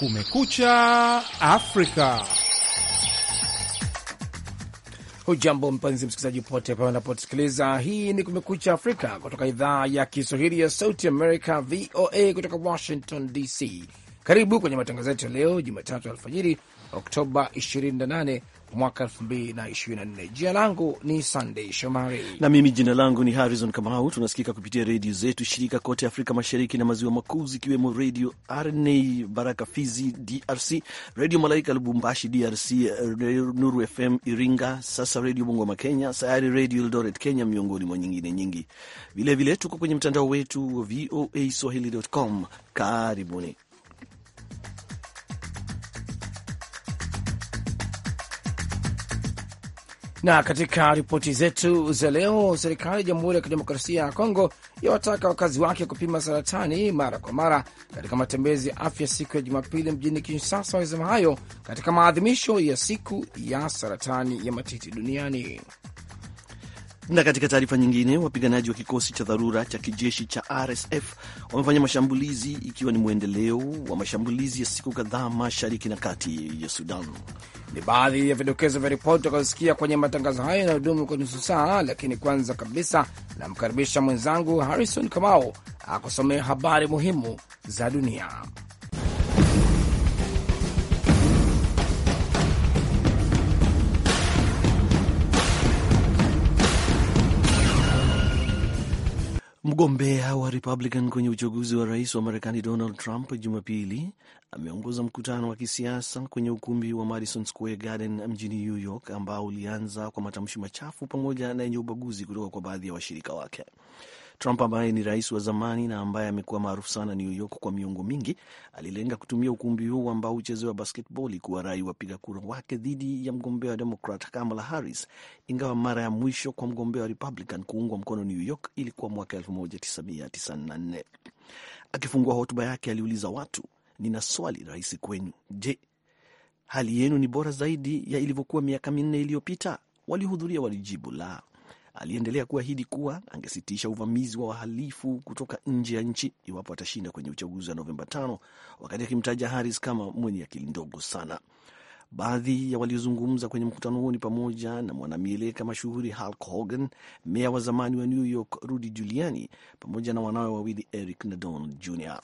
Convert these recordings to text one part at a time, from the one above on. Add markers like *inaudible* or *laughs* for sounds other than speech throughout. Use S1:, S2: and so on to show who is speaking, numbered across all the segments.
S1: Kumekucha Afrika. Hujambo mpenzi msikilizaji, pote pale unaposikiliza. Hii ni Kumekucha Afrika kutoka idhaa ya Kiswahili ya Sauti Amerika, VOA, kutoka Washington DC. Karibu kwenye matangazo yetu ya leo Jumatatu alfajiri, Oktoba 28 mwaka nne. Jina langu ni Sandey Shomari
S2: na mimi jina langu ni Harrison Kamau. Tunasikika kupitia redio zetu shirika kote Afrika Mashariki na Maziwa Makuu, zikiwemo Redio RNA Baraka Fizi DRC, Redio Malaika Lubumbashi DRC, Nuru FM Iringa, sasa Redio Bungoma Kenya, Sayari Redio Eldoret Kenya, miongoni mwa nyingine nyingi. Vilevile tuko kwenye mtandao wetu VOA Swahili.com. Karibuni.
S1: Na katika ripoti zetu za leo, serikali ya Jamhuri ya Kidemokrasia ya Kongo yawataka wakazi wake kupima saratani mara kwa mara katika matembezi ya afya siku ya Jumapili mjini Kinshasa. wamesema hayo katika maadhimisho ya siku ya saratani ya matiti duniani.
S2: Na katika taarifa nyingine, wapiganaji wa kikosi cha dharura cha kijeshi cha RSF wamefanya mashambulizi ikiwa ni mwendeleo wa mashambulizi ya siku kadhaa mashariki na kati ya Sudan. Ni baadhi ya vidokezo vya
S1: ripoti utakazosikia kwenye matangazo hayo yanayodumu kwa nusu saa, lakini kwanza kabisa namkaribisha mwenzangu Harrison Kamau akusomea habari muhimu za dunia.
S2: Mgombea wa Republican kwenye uchaguzi wa rais wa Marekani Donald Trump Jumapili ameongoza mkutano wa kisiasa kwenye ukumbi wa Madison Square Garden mjini New York ambao ulianza kwa matamshi machafu pamoja na yenye ubaguzi kutoka kwa baadhi ya washirika wake. Trump ambaye ni rais wa zamani na ambaye amekuwa maarufu sana New York kwa miongo mingi, alilenga kutumia ukumbi huu ambao huchezewa basketball kuwarai wapiga kura wake dhidi ya mgombea wa Demokrat Kamala Harris, ingawa mara ya mwisho kwa mgombea wa Republican kuungwa mkono New York ilikuwa mwaka 1994. Akifungua hotuba yake, aliuliza watu, nina swali rahisi kwenu. Je, hali yenu ni bora zaidi ya ilivyokuwa miaka minne iliyopita? Waliohudhuria walijibu la aliendelea kuahidi kuwa angesitisha uvamizi wa wahalifu kutoka nje ya nchi iwapo atashinda kwenye uchaguzi wa Novemba tano wakati akimtaja Harris kama mwenye akili ndogo sana. Baadhi ya waliozungumza kwenye mkutano huo ni pamoja na mwanamieleka mashuhuri Hulk Hogan, meya wa zamani wa New York Rudy Giuliani, pamoja na wanawe wawili Eric na Jr.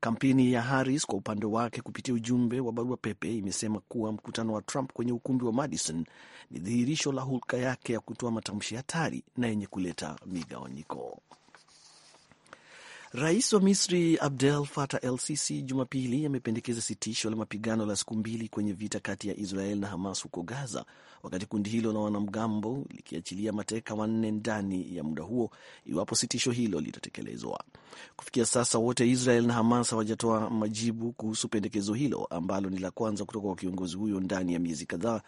S2: Kampeni ya Harris kwa upande wake, kupitia ujumbe wa barua pepe, imesema kuwa mkutano wa Trump kwenye ukumbi wa Madison ni dhihirisho la hulka yake ya kutoa matamshi hatari na yenye kuleta migawanyiko. Rais wa Misri Abdel Fattah El Sisi Jumapili amependekeza sitisho la mapigano la siku mbili kwenye vita kati ya Israel na Hamas huko Gaza, wakati kundi hilo la wanamgambo likiachilia mateka wanne ndani ya muda huo iwapo sitisho hilo litatekelezwa. Kufikia sasa, wote Israel na Hamas hawajatoa majibu kuhusu pendekezo hilo ambalo ni la kwanza kutoka kwa kiongozi huyo ndani ya miezi kadhaa,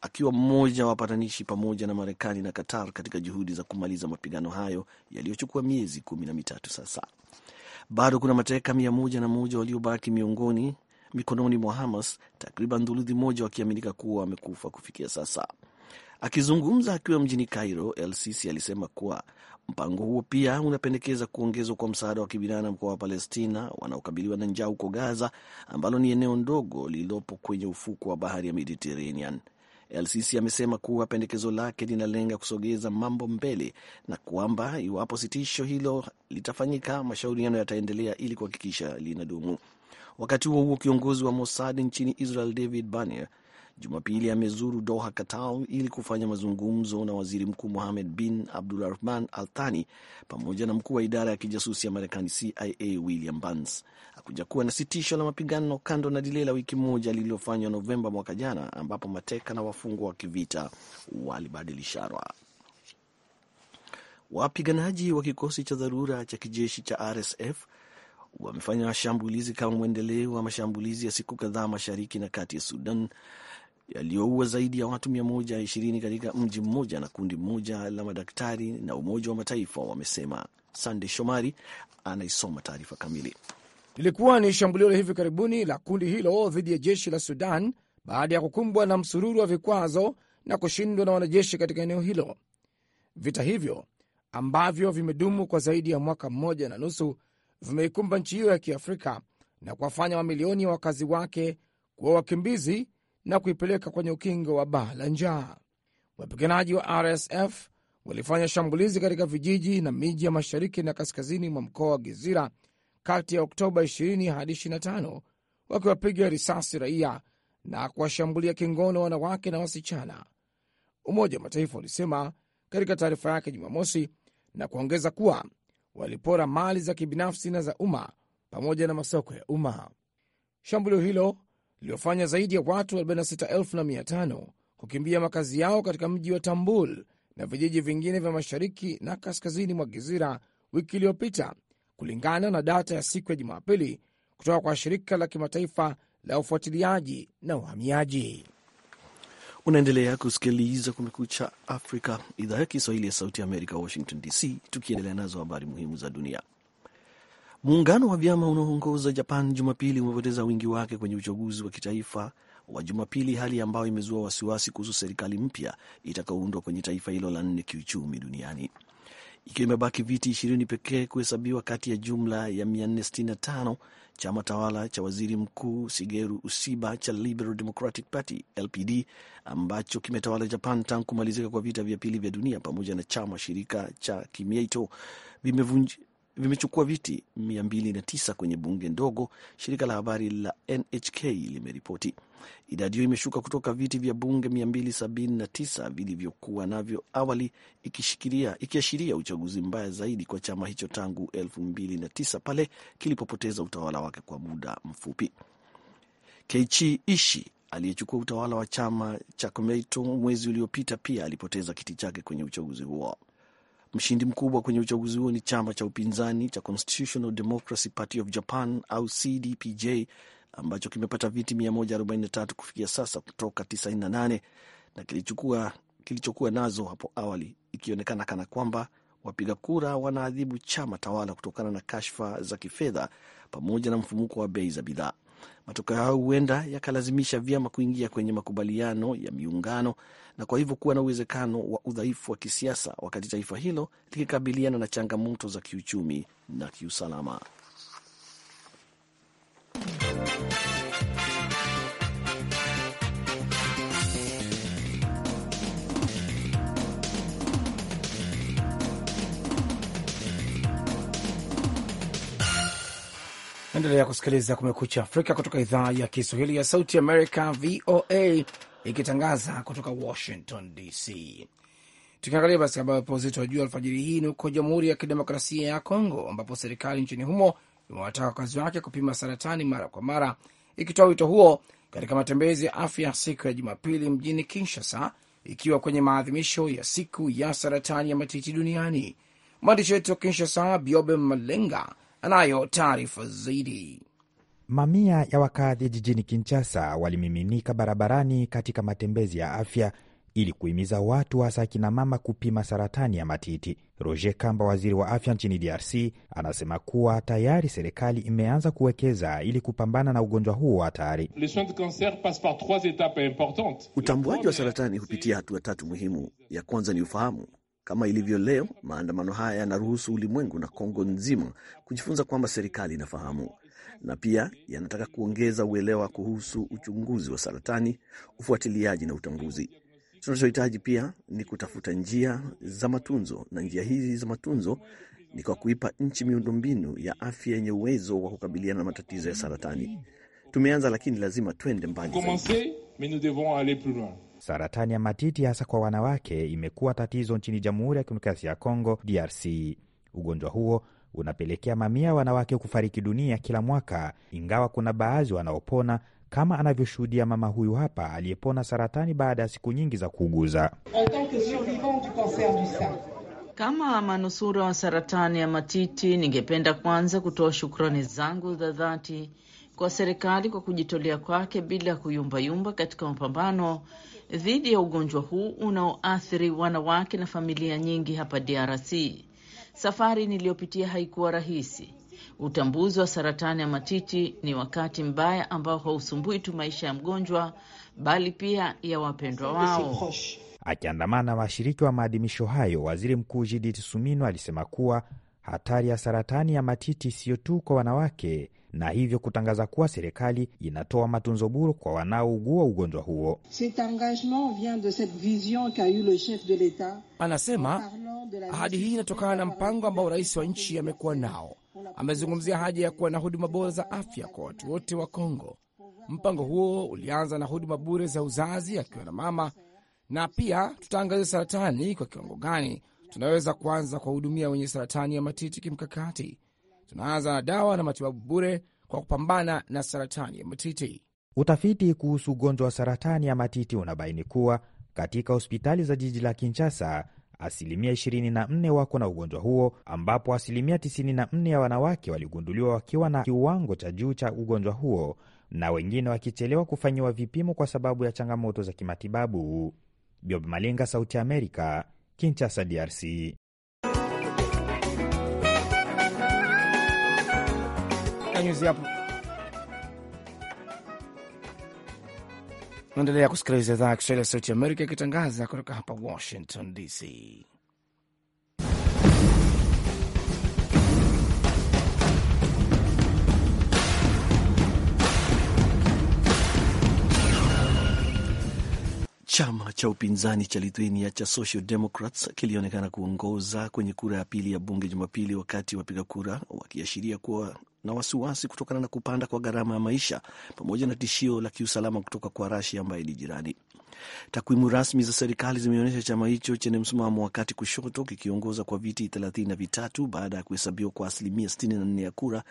S2: akiwa mmoja wa wapatanishi pamoja na Marekani na Qatar katika juhudi za kumaliza mapigano hayo yaliyochukua miezi kumi na mitatu sasa. Bado kuna mateka mia moja na moja waliobaki miongoni mikononi mwa Hamas, takriban thuluthi moja wakiaminika kuwa wamekufa kufikia sasa. Akizungumza akiwa mjini Cairo, LCC alisema kuwa mpango huo pia unapendekeza kuongezwa kwa msaada wa kibinadamu kwa Wapalestina wanaokabiliwa na njaa huko Gaza, ambalo ni eneo ndogo lililopo kwenye ufuko wa bahari ya Mediterranean. LCC amesema kuwa pendekezo lake linalenga kusogeza mambo mbele na kwamba iwapo sitisho hilo litafanyika, mashauriano yataendelea ili kuhakikisha linadumu. Wakati huo huo, kiongozi wa Mossad nchini Israel David banier Jumapili amezuru Doha, Qatar, ili kufanya mazungumzo na waziri mkuu Mohamed bin Abdulrahman Al Thani pamoja na mkuu wa idara ya kijasusi ya Marekani CIA William Burns. Hakuja kuwa na sitisho la mapigano kando na dile la wiki moja lililofanywa Novemba mwaka jana, ambapo mateka na wafungwa wa kivita walibadilishana. Wapiganaji wa kikosi cha dharura cha kijeshi cha RSF wamefanya shambulizi kama mwendeleo wa mashambulizi ya siku kadhaa mashariki na kati ya Sudan yaliyoua zaidi ya watu 120 katika mji mmoja na kundi mmoja la madaktari na Umoja wa Mataifa wamesema. Sande Shomari anaisoma taarifa kamili. Lilikuwa ni shambulio la hivi karibuni
S1: la kundi hilo dhidi ya jeshi la Sudan baada ya kukumbwa na msururu wa vikwazo na kushindwa na wanajeshi katika eneo hilo. Vita hivyo ambavyo vimedumu kwa zaidi ya mwaka mmoja na nusu vimeikumba nchi hiyo ya Kiafrika na kuwafanya mamilioni ya wakazi wake kuwa wakimbizi na kuipeleka kwenye ukingo wa baa la njaa. Wapiganaji wa RSF walifanya shambulizi katika vijiji na miji ya mashariki na kaskazini mwa mkoa wa Gezira kati ya Oktoba 20 hadi 25, wakiwapiga risasi raia na kuwashambulia kingono wanawake na wasichana, Umoja wa Mataifa ulisema katika taarifa yake Jumamosi, na kuongeza kuwa walipora mali za kibinafsi na za umma pamoja na masoko ya umma. Shambulio hilo liliofanya zaidi ya watu 46,500 kukimbia makazi yao katika mji wa Tambul na vijiji vingine vya mashariki na kaskazini mwa Gizira wiki iliyopita, kulingana na data ya siku ya Jumapili kutoka kwa shirika la kimataifa la ufuatiliaji na uhamiaji.
S2: Unaendelea kusikiliza Kumekucha Afrika, idhaa ya Kiswahili ya Sauti ya Amerika, Washington DC, tukiendelea nazo habari muhimu za dunia. Muungano wa vyama unaoongoza Japan Jumapili umepoteza wingi wake kwenye uchaguzi wa kitaifa wa Jumapili, hali ambayo imezua wasiwasi kuhusu serikali mpya itakaoundwa kwenye taifa hilo la nne kiuchumi duniani, ikiwa imebaki viti ishirini pekee kuhesabiwa kati ya jumla ya 465 Chama tawala cha waziri mkuu Sigeru Usiba cha Liberal Democratic Party LPD ambacho kimetawala Japan tangu kumalizika kwa vita vya pili vya dunia pamoja na chama shirika cha Kimyeito vimechukua viti 209 kwenye bunge ndogo, shirika la habari la NHK limeripoti. Idadi hiyo imeshuka kutoka viti vya bunge 279 vilivyokuwa navyo awali, ikiashiria uchaguzi mbaya zaidi kwa chama hicho tangu 2009 pale kilipopoteza utawala wake kwa muda mfupi. Keiichi Ishi aliyechukua utawala wa chama cha Komeito mwezi uliopita pia alipoteza kiti chake kwenye uchaguzi huo. Mshindi mkubwa kwenye uchaguzi huo ni chama cha upinzani cha Constitutional Democracy Party of Japan au CDPJ ambacho kimepata viti 143 kufikia sasa kutoka 98 na kilichukua, kilichokuwa nazo hapo awali, ikionekana kana kwamba wapiga kura wanaadhibu chama tawala kutokana na kashfa za kifedha pamoja na mfumuko wa bei za bidhaa. Matokeo hayo huenda yakalazimisha vyama kuingia kwenye makubaliano ya miungano na kwa hivyo kuwa na uwezekano wa udhaifu wa kisiasa wakati taifa hilo likikabiliana na changamoto za kiuchumi na kiusalama.
S1: Unaendelea kusikiliza Kumekucha Afrika kutoka idhaa ya Kiswahili ya Sauti Amerika, VOA, ikitangaza kutoka Washington DC. Tukiangalia basi habari pa uzito wa juu alfajiri hii ni huko Jamhuri ya Kidemokrasia ya Kongo, ambapo serikali nchini humo imewataka wakazi wake kupima saratani mara kwa mara, ikitoa wito huo katika matembezi ya afya siku ya Jumapili mjini Kinshasa, ikiwa kwenye maadhimisho ya siku ya saratani ya matiti duniani. Mwandishi wetu wa Kinshasa, Biobe Malenga, anayo taarifa zaidi.
S3: Mamia ya wakazi jijini Kinshasa walimiminika barabarani katika matembezi ya afya ili kuhimiza watu hasa akina mama kupima saratani ya matiti. Roger Kamba, waziri wa afya nchini DRC, anasema kuwa tayari serikali imeanza kuwekeza ili kupambana na ugonjwa
S2: huo hatari. Utambuaji wa saratani hupitia hatua tatu muhimu. Ya kwanza ni ufahamu, kama ilivyo leo, maandamano haya yanaruhusu ulimwengu na Kongo nzima kujifunza kwamba serikali inafahamu, na pia yanataka kuongeza uelewa kuhusu uchunguzi wa saratani, ufuatiliaji na utambuzi. Tunachohitaji pia ni kutafuta njia za matunzo, na njia hizi za matunzo ni kwa kuipa nchi miundombinu ya afya yenye uwezo wa kukabiliana na matatizo ya saratani. Tumeanza, lakini lazima twende mbali zaidi. Saratani ya matiti
S3: hasa kwa wanawake imekuwa tatizo nchini Jamhuri ya Kidemokrasia ya Kongo, DRC. Ugonjwa huo unapelekea mamia ya wanawake kufariki dunia kila mwaka, ingawa kuna baadhi wanaopona, kama anavyoshuhudia mama huyu hapa aliyepona saratani baada ya siku nyingi za kuuguza.
S4: Kama manusura wa saratani ya matiti, ningependa kwanza kutoa shukrani zangu za dhati kwa serikali kwa kujitolea kwake bila kuyumbayumba katika mapambano dhidi ya ugonjwa huu unaoathiri wanawake na familia nyingi hapa DRC. Safari niliyopitia haikuwa rahisi. Utambuzi wa saratani ya matiti ni wakati mbaya ambao hausumbui tu maisha ya mgonjwa bali pia ya wapendwa wao. Akiandamana
S3: na washiriki wa maadhimisho hayo, waziri mkuu Judith Suminwa alisema kuwa hatari ya saratani ya matiti siyo tu kwa wanawake na hivyo kutangaza kuwa serikali inatoa matunzo bure kwa wanaougua ugonjwa huo.
S1: Anasema ahadi hii inatokana na mpango ambao rais wa nchi amekuwa nao. Amezungumzia haja ya kuwa na huduma bora za afya kwa watu wote wa Kongo. Mpango huo ulianza na huduma bure za uzazi akiwa na mama, na pia tutaangazia saratani kwa kiwango gani tunaweza kuanza kuwahudumia wenye saratani ya matiti kimkakati tunaanza na dawa na matibabu bure kwa kupambana na saratani ya matiti.
S3: Utafiti kuhusu ugonjwa wa saratani ya matiti unabaini kuwa katika hospitali za jiji la Kinshasa asilimia 24 wako na ugonjwa huo, ambapo asilimia 94 ya wanawake waligunduliwa wakiwa na kiwango cha juu cha ugonjwa huo na wengine wakichelewa kufanyiwa vipimo kwa sababu ya changamoto za kimatibabu. Bob Sauti ya Amerika, Kinshasa, DRC.
S1: nyuzi hapo. Naendelea kusikiliza idhaa ya Kiswahili ya Sauti ya Amerika ikitangaza kutoka hapa Washington DC.
S2: Chama cha upinzani cha Lithuania cha Social Democrats kilionekana kuongoza kwenye kura ya pili ya bunge Jumapili, wakati wapiga kura wakiashiria kuwa na wasiwasi kutokana na kupanda kwa gharama ya maisha pamoja na tishio la kiusalama kutoka kwa Rasia ambaye ni jirani. Takwimu rasmi za serikali zimeonyesha chama hicho chenye msimamo wa kati kushoto kikiongoza kwa viti thelathini na vitatu baada ya kuhesabiwa kwa asilimia sitini na nne ya kura,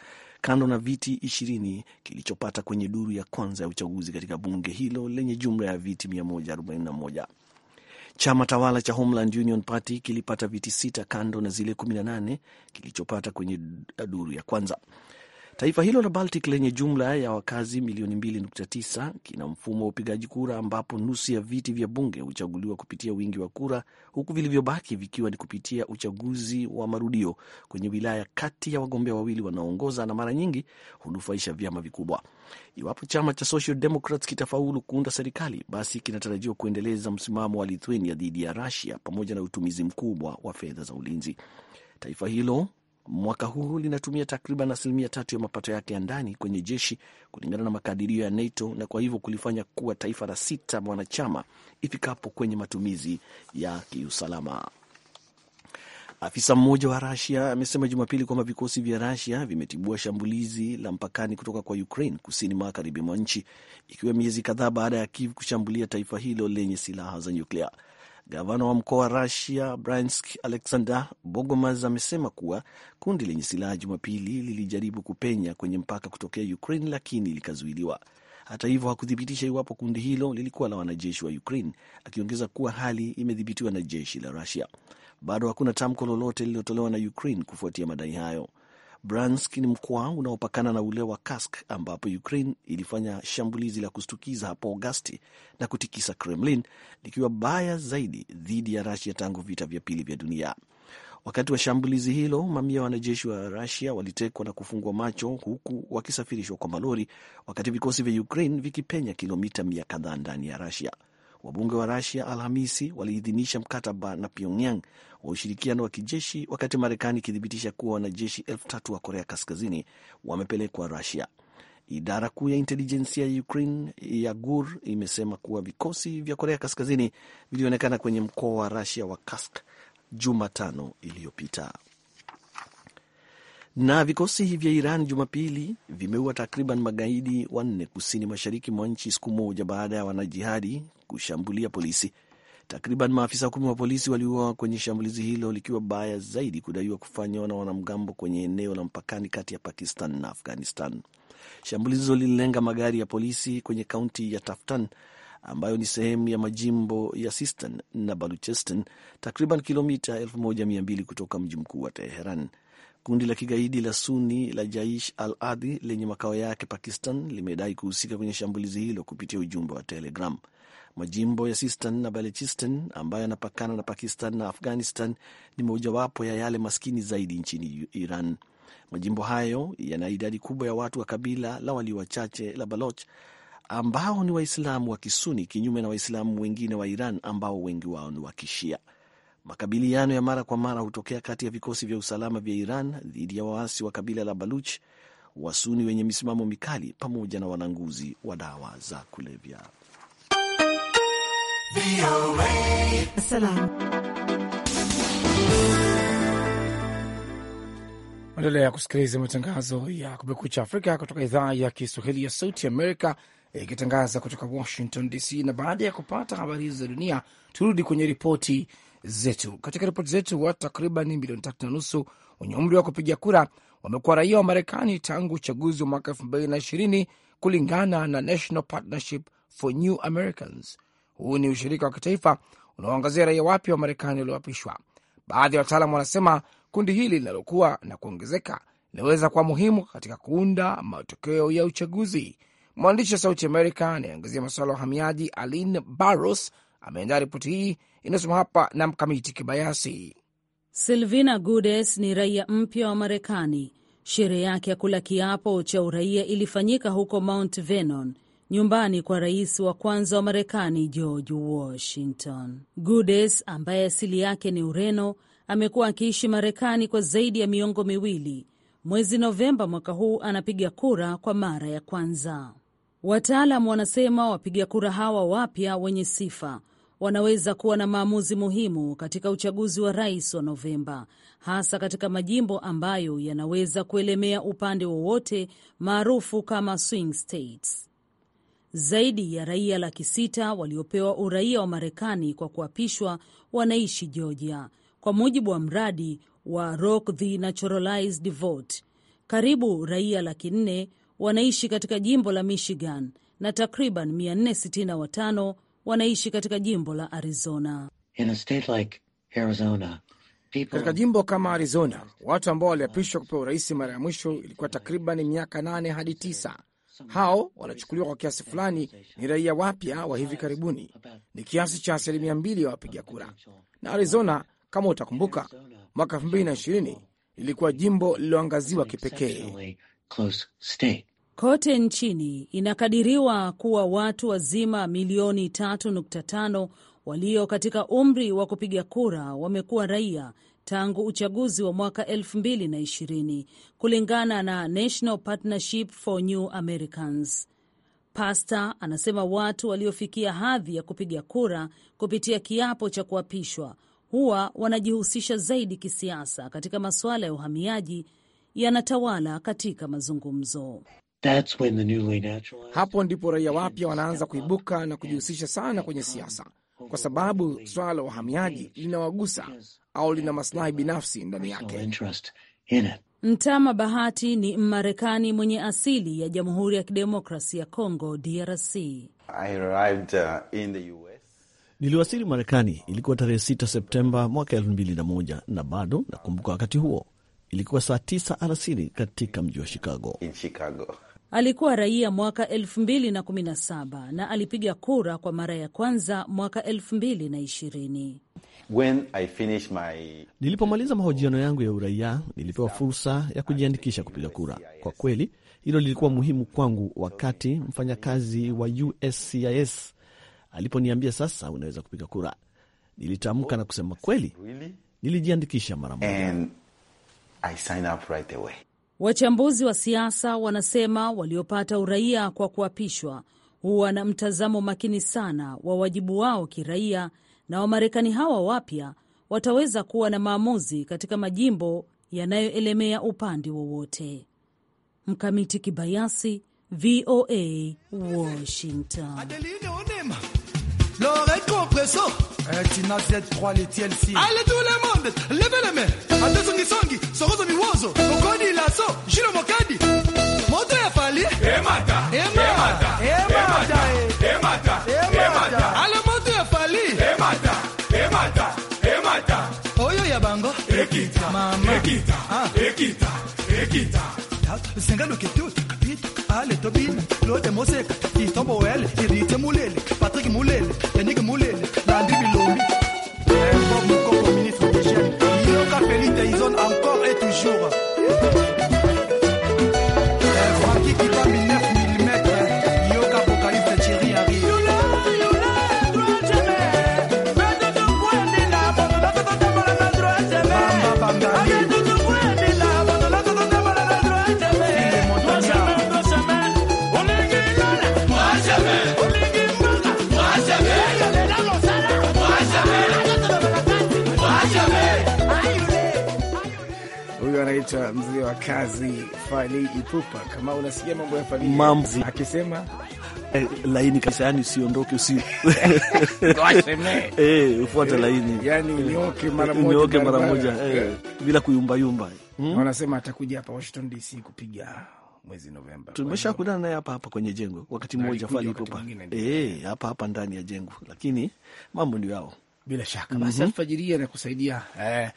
S2: kando na viti ishirini kilichopata kwenye duru ya kwanza ya uchaguzi katika bunge hilo lenye jumla ya viti 141. Chama tawala cha Homeland Union Party kilipata viti sita kando na zile 18 kilichopata kwenye duru ya kwanza. Taifa hilo la Baltic lenye jumla ya wakazi milioni 2.9 kina mfumo wa upigaji kura ambapo nusu ya viti vya bunge huchaguliwa kupitia wingi wa kura, huku vilivyobaki vikiwa ni kupitia uchaguzi wa marudio kwenye wilaya kati ya wagombea wawili wanaoongoza, na mara nyingi hunufaisha vyama vikubwa. Iwapo chama cha Social Democrats kitafaulu kuunda serikali, basi kinatarajiwa kuendeleza msimamo wa Lithuania dhidi ya Russia pamoja na utumizi mkubwa wa fedha za ulinzi. Taifa hilo mwaka huu linatumia takriban asilimia tatu ya mapato yake ya ndani kwenye jeshi kulingana na makadirio ya NATO na kwa hivyo kulifanya kuwa taifa la sita mwanachama ifikapo kwenye matumizi ya kiusalama. Afisa mmoja wa Rasia amesema Jumapili kwamba vikosi vya Rasia vimetibua shambulizi la mpakani kutoka kwa Ukraine kusini magharibi mwa nchi, ikiwa miezi kadhaa baada ya Kiev kushambulia taifa hilo lenye silaha za nyuklia. Gavana wa mkoa wa Rusia Bransk Alexander Bogomaz amesema kuwa kundi lenye silaha Jumapili lilijaribu kupenya kwenye mpaka kutokea Ukraine lakini likazuiliwa. Hata hivyo hakuthibitisha iwapo kundi hilo lilikuwa la wanajeshi wa Ukraine, akiongeza kuwa hali imedhibitiwa na jeshi la Rusia. Bado hakuna tamko lolote lililotolewa na Ukraine kufuatia madai hayo. Bransk ni mkoa unaopakana na ule wa Kursk ambapo Ukraine ilifanya shambulizi la kustukiza hapo Agosti na kutikisa Kremlin, likiwa baya zaidi dhidi ya rasia tangu vita vya pili vya dunia. Wakati wa shambulizi hilo, mamia ya wanajeshi wa rasia walitekwa na kufungwa macho, huku wakisafirishwa kwa malori, wakati vikosi vya Ukraine vikipenya kilomita mia kadhaa ndani ya rasia Wabunge wa Rasia Alhamisi waliidhinisha mkataba na Pyongyang wa ushirikiano wa kijeshi, wakati Marekani ikithibitisha kuwa wanajeshi elfu tatu wa Korea Kaskazini wamepelekwa Rasia. Idara kuu ya intelijensia ya Ukraine ya GUR imesema kuwa vikosi vya Korea Kaskazini vilionekana kwenye mkoa wa Rasia wa Kask Jumatano iliyopita. Na vikosi vya Iran Jumapili vimeua takriban magaidi wanne kusini mashariki mwa nchi siku moja baada ya wanajihadi kushambulia polisi. Takriban maafisa kumi wa polisi waliuawa kwenye shambulizi hilo, likiwa baya zaidi kudaiwa kufanywa na wanamgambo kwenye eneo la mpakani kati ya Pakistan na Afghanistan. Shambulizi hilo lililenga magari ya polisi kwenye kaunti ya Taftan ambayo ni sehemu ya majimbo ya Sistan na Baluchestan, takriban kilomita 1200 kutoka mji mkuu wa Teheran. Kundi la kigaidi la Suni la Jaish al Adhi lenye makao yake Pakistan limedai kuhusika kwenye shambulizi hilo kupitia ujumbe wa Telegram. Majimbo ya Sistan na Balochistan ambayo yanapakana na Pakistan na Afghanistan ni mojawapo ya yale maskini zaidi nchini Iran. Majimbo hayo yana idadi kubwa ya watu wa kabila la walio wachache la Baloch ambao ni Waislamu wa Kisuni, kinyume na Waislamu wengine wa Iran ambao wengi wao ni Wakishia. Makabiliano ya mara kwa mara hutokea kati ya vikosi vya usalama vya Iran dhidi ya waasi wa kabila la Baluch, Wasuni wenye misimamo mikali, pamoja na wananguzi wa dawa za kulevya. Assalam.
S1: Endelea kusikiliza matangazo ya Kumekucha Afrika kutoka idhaa ya Kiswahili ya Sauti Amerika ikitangaza kutoka Washington DC. Na baada ya kupata habari hizo za dunia, turudi kwenye ripoti zetu. Katika ripoti zetu, watu takriban milioni tatu na nusu wenye umri wa kupiga kura wamekuwa raia wa Marekani tangu uchaguzi wa mwaka elfu mbili na ishirini kulingana na National Partnership for New Americans, huu ni ushirika wa kitaifa unaoangazia raia wapya wa Marekani walioapishwa. Baadhi ya wataalam wanasema kundi hili linalokuwa na kuongezeka linaweza kuwa muhimu katika kuunda matokeo ya uchaguzi. Mwandishi wa Sauti Amerika anayeangazia masuala ya uhamiaji alin Barros ameandaa ripoti hii inayosoma hapa na Mkamiti Kibayasi.
S4: Silvina Gudes ni raia mpya wa Marekani. Sherehe yake ya kula kiapo cha uraia ilifanyika huko Mount Vernon nyumbani kwa rais wa kwanza wa Marekani George Washington. Gudes ambaye asili yake ni Ureno amekuwa akiishi Marekani kwa zaidi ya miongo miwili. Mwezi Novemba mwaka huu anapiga kura kwa mara ya kwanza. Wataalam wanasema wapiga kura hawa wapya wenye sifa wanaweza kuwa na maamuzi muhimu katika uchaguzi wa rais wa Novemba, hasa katika majimbo ambayo yanaweza kuelemea upande wowote, maarufu kama swing states. Zaidi ya raia laki sita waliopewa uraia wa Marekani kwa kuapishwa wanaishi Georgia, kwa mujibu wa mradi wa Rock the Naturalized Vote. Karibu raia laki nne wanaishi katika jimbo la Michigan na takriban 465 wanaishi katika jimbo la Arizona.
S1: In a state like Arizona, people... katika jimbo kama Arizona, watu ambao waliapishwa kupewa urais mara ya mwisho ilikuwa takriban miaka 8 hadi 9 hao wanachukuliwa kwa kiasi fulani ni raia wapya wa hivi karibuni, ni kiasi cha asilimia mbili ya wapiga kura. Na Arizona, kama utakumbuka, mwaka 2020 lilikuwa jimbo lililoangaziwa kipekee.
S4: Kote nchini inakadiriwa kuwa watu wazima milioni 3.5 walio katika umri wa kupiga kura wamekuwa raia tangu uchaguzi wa mwaka 2020 kulingana na National Partnership for New Americans. Pasta anasema watu waliofikia hadhi ya kupiga kura kupitia kiapo cha kuapishwa huwa wanajihusisha zaidi kisiasa katika masuala ya uhamiaji yanatawala katika mazungumzo.
S2: Hapo
S1: ndipo raia wapya wanaanza kuibuka na kujihusisha sana kwenye siasa, kwa sababu swala la uhamiaji linawagusa au lina masilahi binafsi ndani yake.
S4: Mtama Bahati ni Mmarekani mwenye asili ya Jamhuri ya Kidemokrasi ya congo DRC. Uh,
S2: Niliwasili Marekani, ilikuwa tarehe 6 Septemba mwaka 2001 na bado nakumbuka wakati huo, ilikuwa saa 9 alasiri katika mji wa Chicago, Chicago.
S4: Alikuwa raia mwaka 2017 na alipiga kura kwa mara ya kwanza mwaka 2020.
S2: My... nilipomaliza mahojiano yangu ya uraia nilipewa fursa ya kujiandikisha kupiga kura. Kwa kweli hilo lilikuwa muhimu kwangu, wakati mfanyakazi wa USCIS aliponiambia sasa unaweza kupiga kura, nilitamka na kusema kweli, nilijiandikisha mara moja.
S4: Wachambuzi wa siasa wanasema waliopata uraia kwa kuapishwa huwa na mtazamo makini sana wa wajibu wao kiraia, na Wamarekani hawa wapya wataweza kuwa na maamuzi katika majimbo yanayoelemea upande wowote. Mkamiti Kibayasi, VOA, Washington.
S1: Eh, tina z3 les tlc allez tout le monde levez les mains miwozo okoni mokadi moto ya fali emata emata emata emata emata moto ya fali emata emata
S4: emata
S3: oyo ya bango ekita mama ekita ah. ekita ekita sengalo ketuta pita ale tobina lode moseka itombo wele irite mulele patrik mulele
S1: Bonjour. wa kazi Fali Ipupa, kama unasikia mambo ya Fali Mamzi
S2: akisema eh, laini kabisa, yani usiondoke, usi *laughs* eh ufuate eh, laini, yani unyoke mara eh, moja, unyoke mara moja eh, bila kuyumba yumba. Hmm? Wanasema
S1: atakuja hapa Washington DC kupiga mwezi Novemba.
S2: Tumesha kudana naye hapa hapa kwenye jengo wakati mmoja Fali Ipupa eh, hapa hapa ndani ya jengo, lakini mambo ndio yao bila shaka. Basi mm -hmm. alfajiria na kusaidia eh,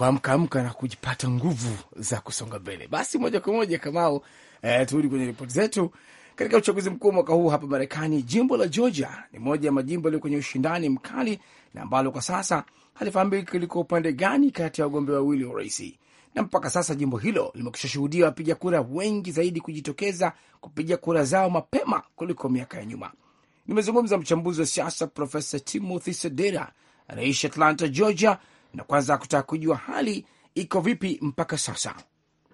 S2: kuamkaamka na kujipata nguvu za
S1: kusonga mbele. Basi moja kwa moja Kamau, eh, turudi kwenye ripoti zetu. Katika uchaguzi mkuu mwaka huu hapa Marekani, jimbo la Georgia ni moja ya majimbo yaliyo kwenye ushindani mkali na ambalo kwa sasa halifahamiki kiliko upande gani kati ya wagombea wawili wa urais, na mpaka sasa jimbo hilo limekusha shuhudia wapiga kura wengi zaidi kujitokeza kupiga kura zao mapema kuliko miaka ya nyuma. Nimezungumza mchambuzi wa siasa Profesa Timothy Sedera anaishi Atlanta, Georgia, na kwanza kutaka kujua hali iko vipi mpaka sasa.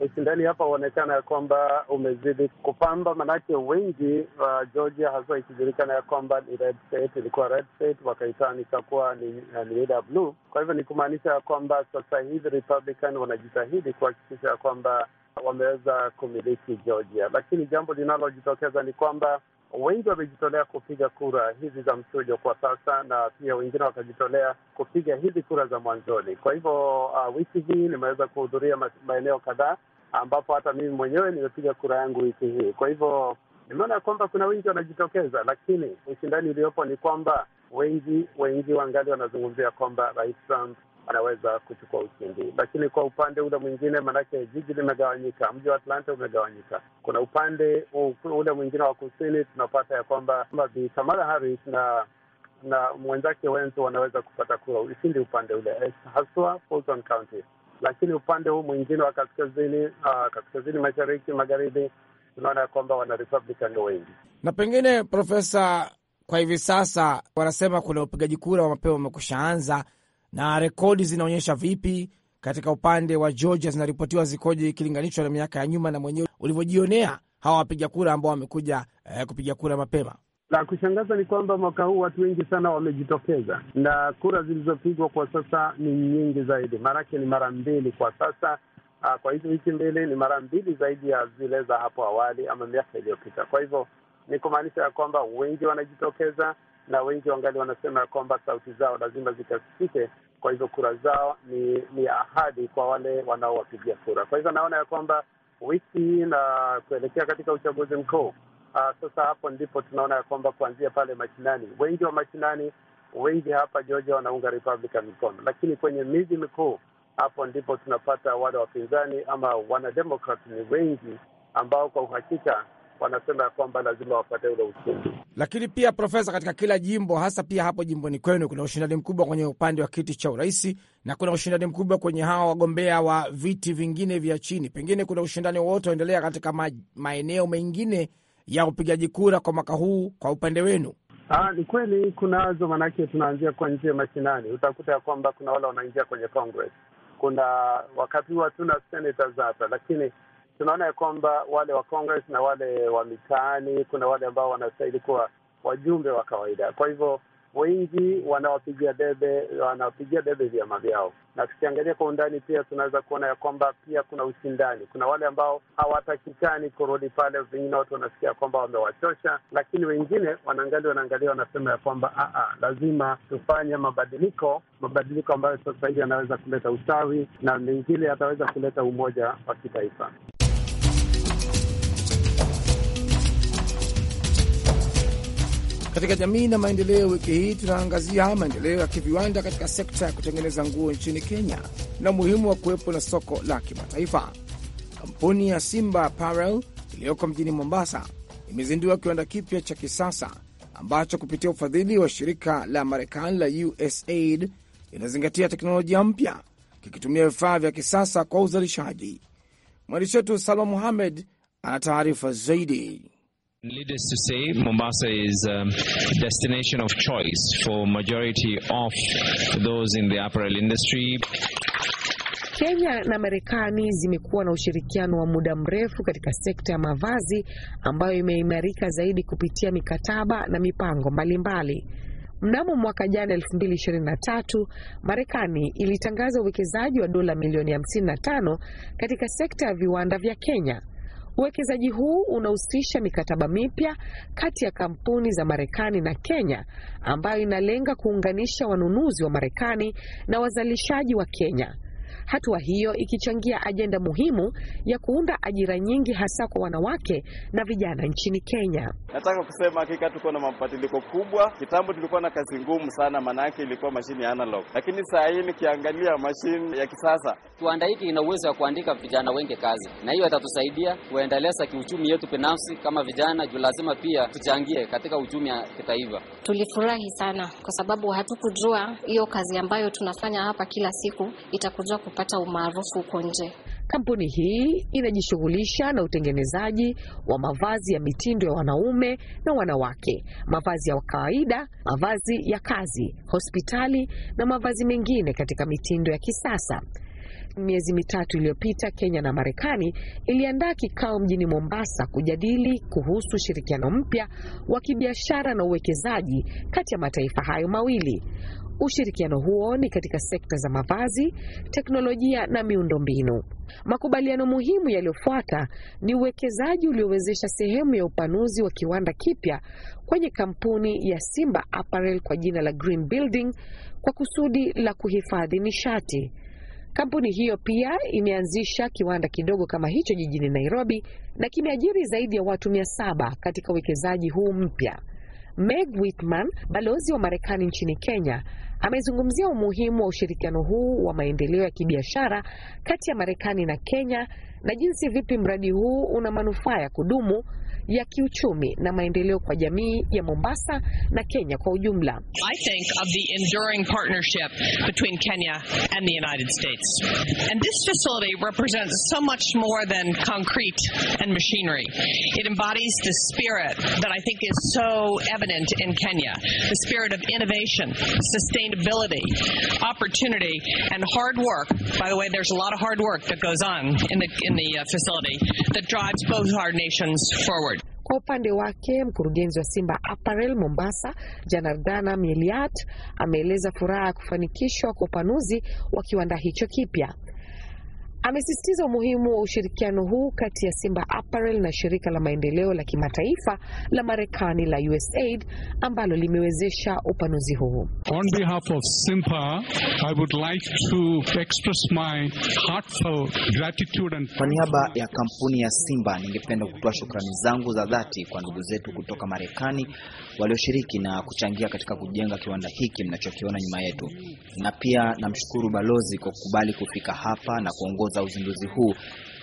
S5: Ushindani hapa huonekana ya kwamba umezidi kupamba, manake wengi uh, Georgia haswa ikijulikana ya kwamba ni red state, ilikuwa red state wakaitana ikakuwa ni, uh, ni blue. Kwa hivyo ni kumaanisha ya kwamba sasa hivi Republican wanajitahidi kuhakikisha ya kwamba wameweza kumiliki Georgia, lakini jambo linalojitokeza ni kwamba wengi wamejitolea kupiga kura hizi za mchujo kwa sasa, na pia wengine wakajitolea kupiga hizi kura za mwanzoni. Kwa hivyo uh, wiki hii nimeweza kuhudhuria maeneo kadhaa ambapo hata mimi mwenyewe nimepiga kura yangu wiki hii. Kwa hivyo nimeona ya kwamba kuna wengi wanajitokeza, lakini ushindani uliopo ni kwamba wengi wengi wangali wanazungumzia kwamba Rais Trump anaweza kuchukua ushindi. Lakini kwa upande ule mwingine, maanake jiji limegawanyika, mji wa Atlanta umegawanyika. Kuna upande ule mwingine wa kusini, tunapata ya kwamba Bi Kamala Harris na na mwenzake wenzo wanaweza kupata kura ushindi upande ule, eh, haswa Fulton County. Lakini upande huu mwingine wa kaskazini, uh, kaskazini mashariki, magharibi, tunaona ya kwamba wana Republican wengi,
S1: na pengine profesa kwa hivi sasa wanasema kuna upigaji kura wa mapema umekushaanza na rekodi zinaonyesha vipi katika upande wa Georgia zinaripotiwa zikoje ikilinganishwa na miaka ya nyuma, na mwenyewe ulivyojionea hawa wapiga kura ambao wamekuja eh, kupiga kura
S5: mapema? La kushangaza ni kwamba mwaka huu watu wengi sana wamejitokeza, na kura zilizopigwa kwa sasa ni nyingi zaidi, maanake ni mara mbili kwa sasa. Aa, ah, kwa hizo wiki mbili ni mara mbili zaidi ya zile za hapo awali ama miaka iliyopita. Kwa hivyo ni kumaanisha ya kwamba wengi wanajitokeza, na wengi wangali wanasema ya kwamba sauti zao lazima zikasikike. Kwa hivyo kura zao ni, ni ahadi kwa wale wanaowapigia kura. Kwa hivyo naona ya kwamba wiki hii na kuelekea katika uchaguzi mkuu uh, sasa hapo ndipo tunaona ya kwamba kuanzia pale mashinani, wengi wa mashinani, wengi hapa Georgia wanaunga Republican mkono, lakini kwenye miji mikuu hapo ndipo tunapata wale wapinzani ama wanademokrat ni wengi ambao kwa uhakika wanasema ya kwamba lazima wapate ule ushindi.
S1: Lakini pia Profesa, katika kila jimbo, hasa pia hapo jimboni kwenu, kuna ushindani mkubwa kwenye upande wa kiti cha urais na kuna ushindani mkubwa kwenye hawa wagombea wa viti vingine vya chini. Pengine kuna ushindani wowote waendelea katika ma maeneo mengine ya upigaji kura kwa mwaka
S5: huu kwa upande wenu? Aa, ah, ni kweli kunazo, maanake tunaanzia kwa njia mashinani, utakuta ya kwamba kuna wale wanaingia kwenye Congress, kuna wakati huwa tuna senators hapa, lakini tunaona ya kwamba wale wa Congress na wale wa mitaani, kuna wale ambao wanastahili kuwa wajumbe wa kawaida. Kwa hivyo wengi wanawapigia debe, wanawapigia debe vyama vyao, na tukiangalia kwa undani pia tunaweza kuona ya kwamba pia kuna ushindani. Kuna wale ambao hawatakikani kurudi pale, pengine watu wanasikia kwamba wamewachosha, lakini wengine wanaangalia, wanaangalia, wanasema ya kwamba lazima tufanye mabadiliko, mabadiliko ambayo sasa hivi yanaweza kuleta usawi na mengine yataweza kuleta umoja wa kitaifa.
S1: Katika jamii na maendeleo, wiki hii tunaangazia maendeleo ya kiviwanda katika sekta ya kutengeneza nguo nchini Kenya na umuhimu wa kuwepo na soko la kimataifa. Kampuni ya Simba Apparel iliyoko mjini Mombasa imezindua kiwanda kipya cha kisasa ambacho kupitia ufadhili wa shirika la Marekani la USAID inazingatia teknolojia mpya kikitumia vifaa vya kisasa kwa uzalishaji. Mwandishi wetu Salma Muhamed ana taarifa zaidi.
S3: Needless to say,
S1: Mombasa is a destination of choice for majority of those
S4: in the apparel industry.
S6: Kenya na Marekani zimekuwa na ushirikiano wa muda mrefu katika sekta ya mavazi ambayo imeimarika zaidi kupitia mikataba na mipango mbalimbali Mnamo mwaka jana 2023 Marekani ilitangaza uwekezaji wa dola milioni 55 katika sekta ya viwanda vya Kenya. Uwekezaji huu unahusisha mikataba mipya kati ya kampuni za Marekani na Kenya ambayo inalenga kuunganisha wanunuzi wa Marekani na wazalishaji wa Kenya hatua hiyo ikichangia ajenda muhimu ya kuunda ajira nyingi hasa kwa wanawake na vijana nchini Kenya.
S2: Nataka kusema hakika tuko na mabadiliko kubwa. Kitambo tulikuwa na kazi ngumu sana, yake ilikuwa mashine ya analog,
S5: lakini saa hii nikiangalia mashine ya kisasa, kiwanda hiki ina uwezo wa kuandika vijana wengi kazi, na hiyo itatusaidia kuendeleza kiuchumi yetu binafsi kama vijana juu lazima pia tuchangie katika uchumi wa kitaifa.
S6: Tulifurahi sana kwa sababu hatukujua hiyo kazi ambayo tunafanya hapa kila siku itakuja kupata umaarufu huko nje. Kampuni hii inajishughulisha na utengenezaji wa mavazi ya mitindo ya wanaume na wanawake, mavazi ya kawaida, mavazi ya kazi, hospitali na mavazi mengine katika mitindo ya kisasa. Miezi mitatu iliyopita Kenya na Marekani iliandaa kikao mjini Mombasa kujadili kuhusu ushirikiano mpya wa kibiashara na uwekezaji kati ya mataifa hayo mawili. Ushirikiano huo ni katika sekta za mavazi, teknolojia na miundombinu. Makubaliano muhimu yaliyofuata ni uwekezaji uliowezesha sehemu ya upanuzi wa kiwanda kipya kwenye kampuni ya Simba Apparel kwa jina la Green Building kwa kusudi la kuhifadhi nishati. Kampuni hiyo pia imeanzisha kiwanda kidogo kama hicho jijini Nairobi na kimeajiri zaidi ya watu mia saba katika uwekezaji huu mpya. Meg Whitman, balozi wa Marekani nchini Kenya, amezungumzia umuhimu wa ushirikiano huu wa maendeleo ya kibiashara kati ya Marekani na Kenya na jinsi vipi mradi huu una manufaa ya kudumu ya kiuchumi na maendeleo kwa jamii ya Mombasa na Kenya kwa ujumla. I think of the enduring partnership between Kenya and the United States. And this facility represents so much more than concrete and machinery. It embodies the spirit that I think is so evident in Kenya, the spirit of innovation, sustainability, opportunity, and hard work. By the way, there's a lot of hard work that goes on in the, in the uh, facility that drives both our nations forward. Kwa upande wake mkurugenzi wa Simba Apparel Mombasa, Janardana Miliat, ameeleza furaha ya kufanikishwa kwa upanuzi wa kiwanda hicho kipya. Amesisitiza umuhimu wa ushirikiano huu kati ya Simba Apparel na shirika la maendeleo la kimataifa la Marekani la USAID ambalo limewezesha upanuzi huu. On behalf of Simba,
S5: I would like to express my heartfelt gratitude and... Kwa niaba
S3: ya kampuni ya Simba ningependa kutoa shukrani zangu za dhati kwa ndugu zetu kutoka Marekani walioshiriki na kuchangia katika kujenga kiwanda hiki mnachokiona nyuma yetu, na pia namshukuru balozi kwa kukubali kufika hapa na kuongoza za uzinduzi huu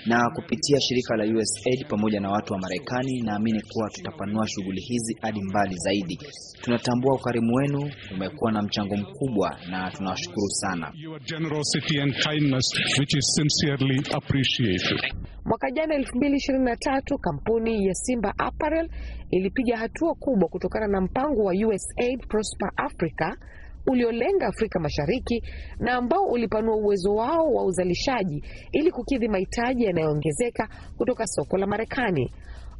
S3: na kupitia shirika la USAID pamoja na watu wa Marekani, naamini kuwa tutapanua shughuli hizi hadi mbali zaidi. Tunatambua ukarimu wenu, umekuwa na mchango mkubwa na tunawashukuru
S4: sana.
S6: Mwaka jana 2023 kampuni ya Simba Apparel ilipiga hatua kubwa kutokana na mpango wa USAID Prosper Africa uliolenga Afrika Mashariki na ambao ulipanua uwezo wao wa uzalishaji ili kukidhi mahitaji yanayoongezeka kutoka soko la Marekani.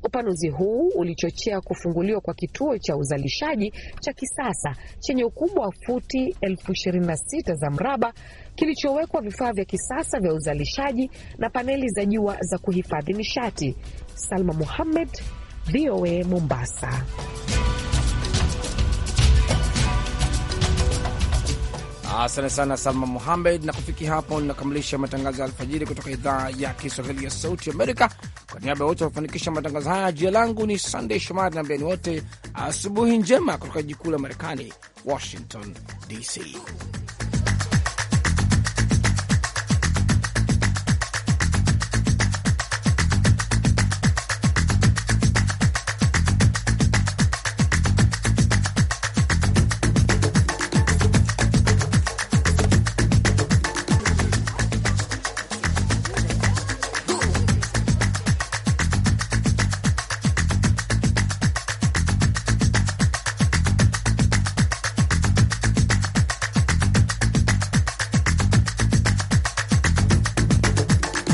S6: Upanuzi huu ulichochea kufunguliwa kwa kituo cha uzalishaji cha kisasa chenye ukubwa wa futi elfu ishirini na sita za mraba kilichowekwa vifaa vya kisasa vya uzalishaji na paneli za jua za kuhifadhi nishati. Salma Muhammed, VOA Mombasa.
S1: Asante sana Salma Muhamed, na kufikia hapo linakamilisha matangazo ya alfajiri kutoka idhaa ya Kiswahili ya Sauti Amerika. Kwa niaba ya wote wakufanikisha matangazo haya, jina langu ni Sandey Shomari na ni wote, asubuhi njema kutoka jikuu la Marekani, Washington DC.